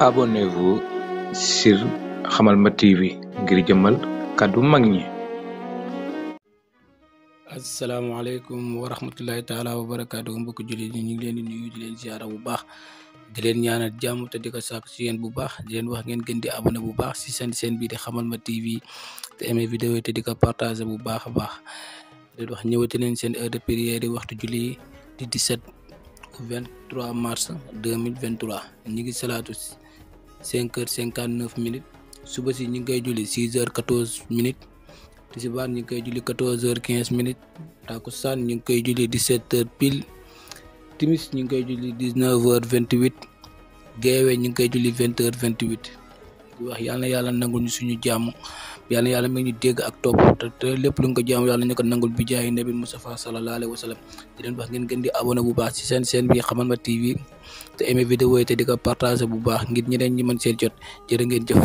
abonnez-vous sur Hamalma TV ngir jëmmal kaddu mag ñi assalamu wa rahmatullahi ta'ala wa barakatuh mbokk julit ñi ngi leen di nuyu di leen ziara bu baax di leen ñaanal jàmm te di ko sàkk ci yéen bu baax di leen wax ngeen gën di abonné bu baax ci seen seen bi di Hamalma TV te aimé vidéo te di ko partager bu baax a baax di wax ñëwati leen seen heure de prière di waxtu julli di 17 23 mars 2023 ñi ngi salatu cinq heures cinquante neuf minutes suba si ñu ngi koy julli six heures quatorze minutes tisbaar ñu ngi koy julli quatorze heures quinze minutes takusaan ñu ngi koy julli dix sept pile timis ñu ngi koy julli dix neuf heures vingt huit geewe ñu ngi koy julli vingt heures vingt huit di wax yal na yàlla nangul ñu suñu jàmm yal na yàlla mi ñu dégg ak topp te lépp lu ñu ko jàmm yàlla ñu ko nangul bi jaay nabi Mustafa sallallahu alayhi wa sallam di leen ngeen di abonné bu baax ci seen seen bi xamal ma TV te aimé vidéo yi te di ko partagé bu baax ngir ñeneen ñi mën seen jot jërë ngeen jëf